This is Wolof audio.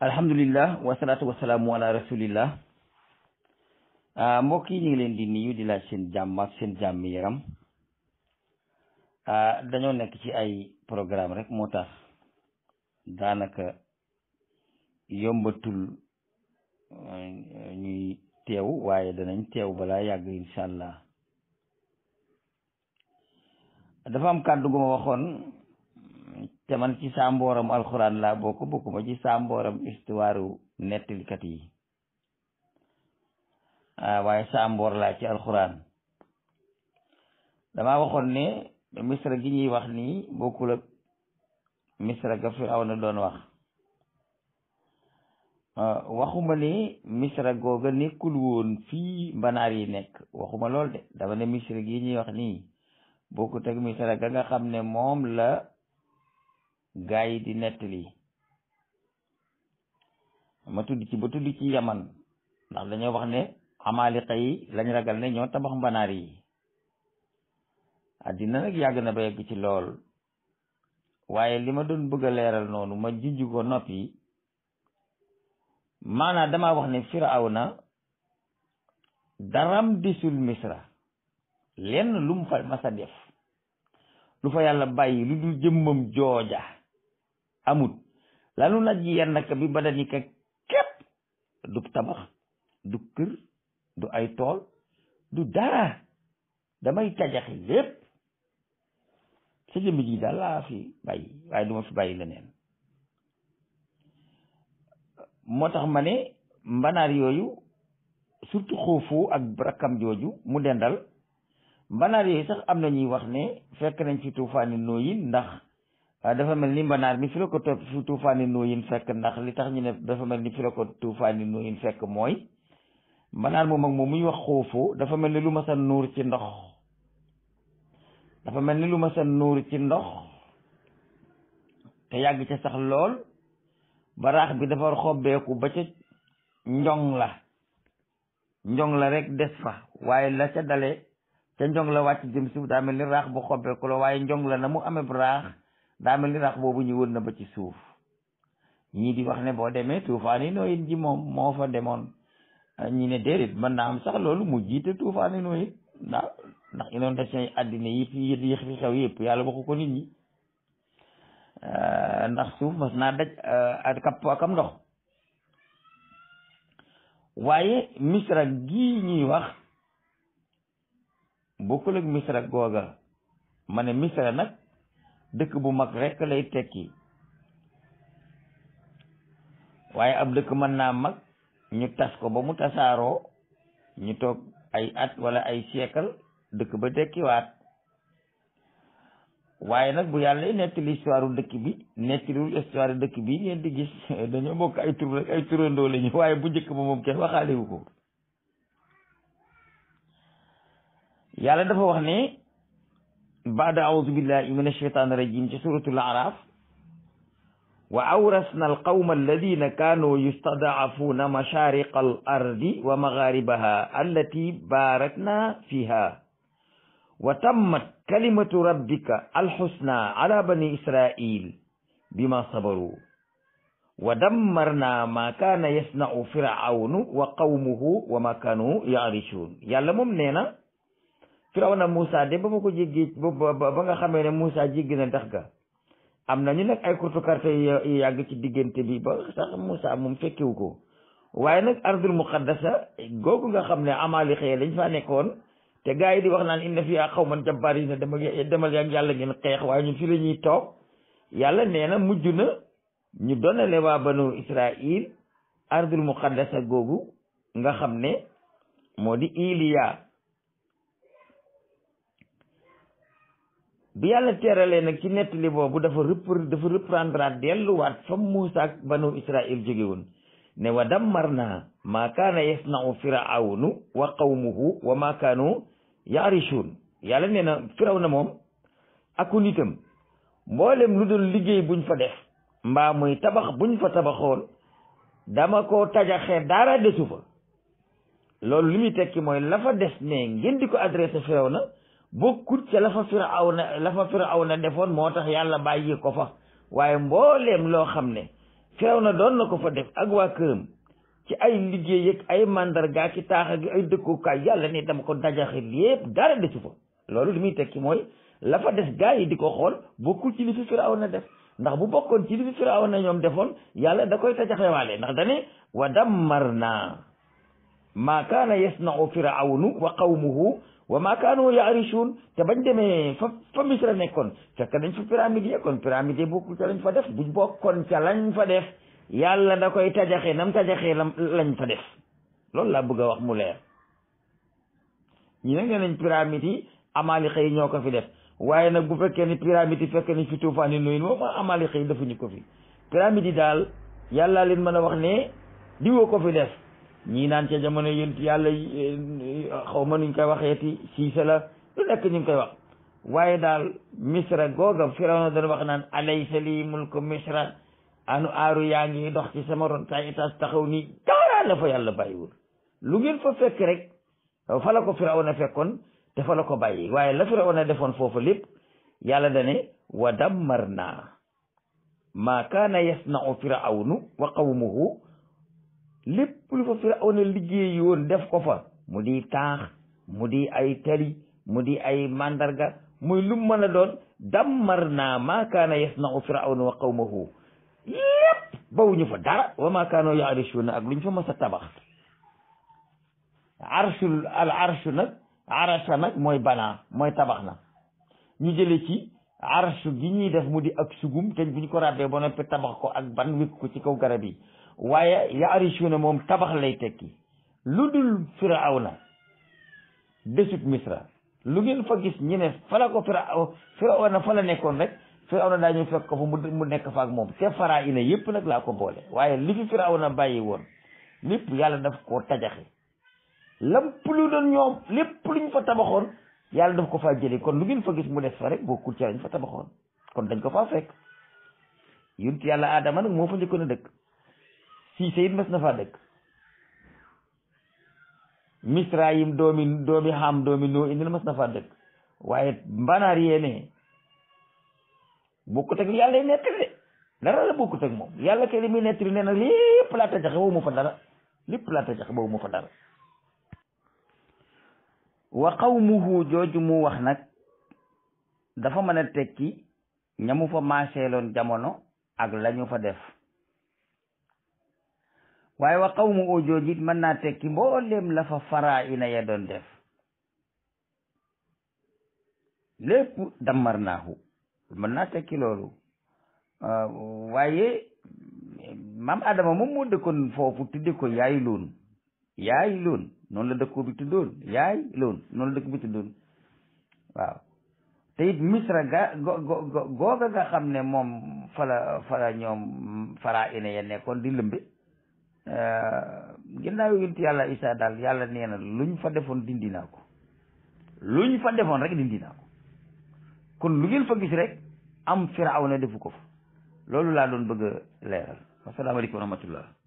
alhamdulilah wasalaatu wasalaamu wala rasulillah ah, mbokk yi ñu leen di nuyu di laaj seen jàmm seen jàmm yaram ah, dañoo nekk ci ay programme rek moo tax daanaka yombatul eh, ñuy teew waaye danañ teew balaa yàgg incha allah dafa am kàddu gu waxoon te man ci saambooram alxuraan laa bokk bokkuma ci saambooram histoire nettalikat yi ah, waaye saamboor laa ci alxuraan dama waxoon ne misra gi ñuy wax nii bokkul ak misra ga Firawna doon wax ah, waxuma ne misra googa nekkul woon fii mbanaar yi nekk waxuma lool de dama ne misra gi ñuy wax nii bokkut ak misra ga nga xam ne moom la gaa yi di nettali ma tudd ci ba tudd ci yaman ndax dañoo wax ne amaalika yi lañ ragal ne ñoo tabax mbanaar yi àddina nag yàgg na ba yegg ci lool waaye li ma doon bëgg a leeral noonu ma junj ko noppi maanaa dama wax ne na daram disul misra lenn lu mu fa masa def lu fa yàlla bàyyi lu dul jëmmam jooja amut lanu najjiyannaka bi badanika képp du tabax du kër du ay tool du dara damay cajaxe lépp sa jëmbi ji daal laa fi bàyyi waaye du fi bàyyi leneen moo tax ma ne mbanaar yooyu surtout xoofu ak rakkam jooju mu dendal mbanaar yooyu sax am na ñuy wax ne fekk nañ fi tuufaani nooyin ndax dafa mel ni mbanaar mi fi la ko topp su tuufaani nooyin fekk ndax li tax ñu ne dafa mel ni fi la ko tuufaani nooyin fekk mooy mbanaar moom ak moom muy wax xóofoo dafa mel ni lu masa nuur ci ndox dafa mel ni lu masa nuur ci ndox te yàgg ci sax lool ba raax bi dafa xobbeeku ba ca njong la njong la rek des fa waaye la ca dale ca njong la wàcc jëm si daa mel ni raax bu xobbeeku la waaye njong la na mu amee raax daa mel ni rax boobu ñu wër na ba ci suuf ñii di wax ne boo demee tuufaani nooyin ji moom moo fa demoon ñi ne déedéet man naa am sax loolu mu jiite tuufaani nooyin ndax ndax inondation yi àddina yëpp yi fi xew yëpp yàlla waxu ko nit ñi euh, ndax suuf mas naa daj euh, ak kapp akam ndox waaye misra gii ñuy wax bokkul ak misra googa ma ne misra nag dëkk bu mag rekk lay tekki waaye ab dëkk mën naa mag ñu tas ko ba mu tasaaroo ñu toog ay at wala ay siècle dëkk ba tekkiwaat waaye nag bu yàlla nettali histoire dëkk bi nettaliwul histoire dëkk bi ngeen di gis dañoo bokk ay tur rek ay turandoo lañu waaye bu njëkk ba moom kenn waxaalewu ko yàlla dafa wax ne baada aoudu billahi min alcheytan irajim ci suratul araf wa awrasna alqawma alladina kanu yustadaafuuna mashariqa al ardi wa magharibaha allati barakna fiha wa tammat kalimatu rabbika alxusna ala bani israil bima sabaru wa dammarna ma kaana yasna'u firawnu wa qawmuhu wa ma kanu yaarichuun yàlla moom nee na na Moussa de ba ma ko jéggi ba ba nga xamee ne Moussa jéggi na ndax ga am na ñu nag ay kurtu karte yu yàgg ci diggante bi ba sax Moussa moom fekkiwu ko waaye nag ardul muqaddasa googu nga xam ne amaali xëye dañ faa nekkoon te gaa yi di wax naan inna fiha qawman jabbaariina demal demal yaa yàlla ngeen xeex waaye ñun fi la ñuy toog yàlla nee na mujj na ñu donale waa banu Israil ardul muqaddasa googu nga xam ne moo di Iliya bi yàlla teeralee nag ci nettali boobu dafa rep dafa reprendre delluwaat fa Muusa ak banu Israil jóge woon ne wa dammar naa maa kaana yasnau firawnu wa qawmuhu wa maa kaanu yaarichuun yàlla nee na firaw na moom aku nitam mboolem lu dul liggéey buñ fa def mbaa muy tabax buñ fa tabaxoon dama ko tajaxe dara desu fa loolu li muy tekki mooy la fa des ne ngeen di ko adressé firaw na bokkut ca la fa firawna la fa firawna defoon moo tax yàlla bàyyi ko fa waaye mbooleem loo xam ne na doon na ko fa def ak waa këram ci ay liggéey ak ay mandarga ki taax gi ay dëkkukaay yàlla ne dama ko dajaxe lépp dara desu fa loolu li muy tekki mooy la fa des gaa yi di ko xool bokkul ci li fi firawna def ndax bu bokkoon ci li fi firawna ñoom defoon yàlla da koy tajaxewaale ndax dane wa mar naa maa kaana yasnau firawnu wa qawmuhu wa ma kaanu yaarichuun te bañ demee fa fa misra nekkoon fekk dañ fa pyramide ya kon pyramide yi bokkul ca lañ fa def buñ bokkoon ca lañ fa def yàlla da koy tajaxee nam tajaxee lañ fa def loolu laa bëgg a wax mu leer ñi ne nee nañ pyramide yi amaalika yi ñoo ko fi def waaye nag bu fekkee ni pyramide yi fekk ni fi tuufaan yi nuyu moom amaalika yi ñu ko fi pyramide yi daal yàlla leen mën a wax ne diwoo ko fi def ñii naan ca jamono yonent yàlla eh, xaw ma nuñ koy waxeeti siise la lu nekk ñu ngi koy wax waaye daal misra googa firawna doon wax naan alaysa lii mulku misra anu aaru yaa ngi dox ci sama ron tay étage taxaw nii dara la fa yàlla bàyyiwul lu ngeen fa fekk rek fa la ko firawna fekkoon te fa la ko bàyyi waaye la firawna defoon foofu lépp yàlla dane wa dammar naa maa kaana yasnau firawnu wa qawmuhu lépp lu fa Firawna liggéey woon def ko fa mu di taax mu di ay tali mu di ay màndarga muy lum mën a doon dammar naa maa kaana yasnau Firawna wa qawmahu lépp bawuñu fa dara wa maa kaanoo yarishuuna ak luñ fa mas tabax arshul al arshu nag arasha nag mooy banaa mooy tabax na ñu jële ci arsu gi ñuy def mu di ak sugum te bu ñu ko ràbbee ba noppi tabax ko ak ban wékk ko ci kaw garab yi waaye yaarisuuna moom tabax lay tekki lu dul firawna desut misra lu ngeen fa gis ñu ne fa la ko firaw firawna fa la nekkoon rek firawna daa ñu fekk ko fa mu nekk fa ak moom te faraa ina yépp nag laa ko boole waaye li fi firawna bàyyi woon lépp yàlla daf koo tajaxe lépp lu doon ñoom lépp ñu fa tabaxoon yàlla daf ko fa jëlee kon lu ngeen fa gis mu def fa rek bokkul ci lañ fa tabaxoon kon dañ ko faa fekk yunt yàlla aadama nag moo fa njëkkoon a dëkk siise it mas na faa dëkk misraayim doomi doomi xam doomi noo indi mas na faa dëkk waaye mbanaar yéene bokkut ak yàlla nettali de dara la bokkut ak moom yàlla kay li muy nettali nee na lépp laa tajaxe boobu fa dara lépp laa tajaxe boobu mu fa dara wa qawmuhu jooju mu wax nag dafa mën a tekki ñamu fa maaseeloon jamono ak lañu fa def waaye wa qawmuhu jooju it mën naa tekki mbooleem la fa faraa'ina ya doon def lépp dammar naahu mën naa tekki loolu euh, waaye maam Adama moom moo dëkkoon foofu tudde ko yaay loon yaay loon noonu la dëkku bi tuddoon yaay loon noonu la dëkk bi tuddoon waaw te it misra ga go go googa nga xam ne moom fala fala ñoom fara ina ya nekkoon di lëmbe eh, ginnaaw yàlla isa daal yàlla nee na luñ fa defoon dindi naa ko luñ fa defoon rek dindi naa ko kon lu ngeen fa gis rek am firaw na defu ko fa loolu laa doon bëgg a leeral wasalaamaaleykum wa rahmatullah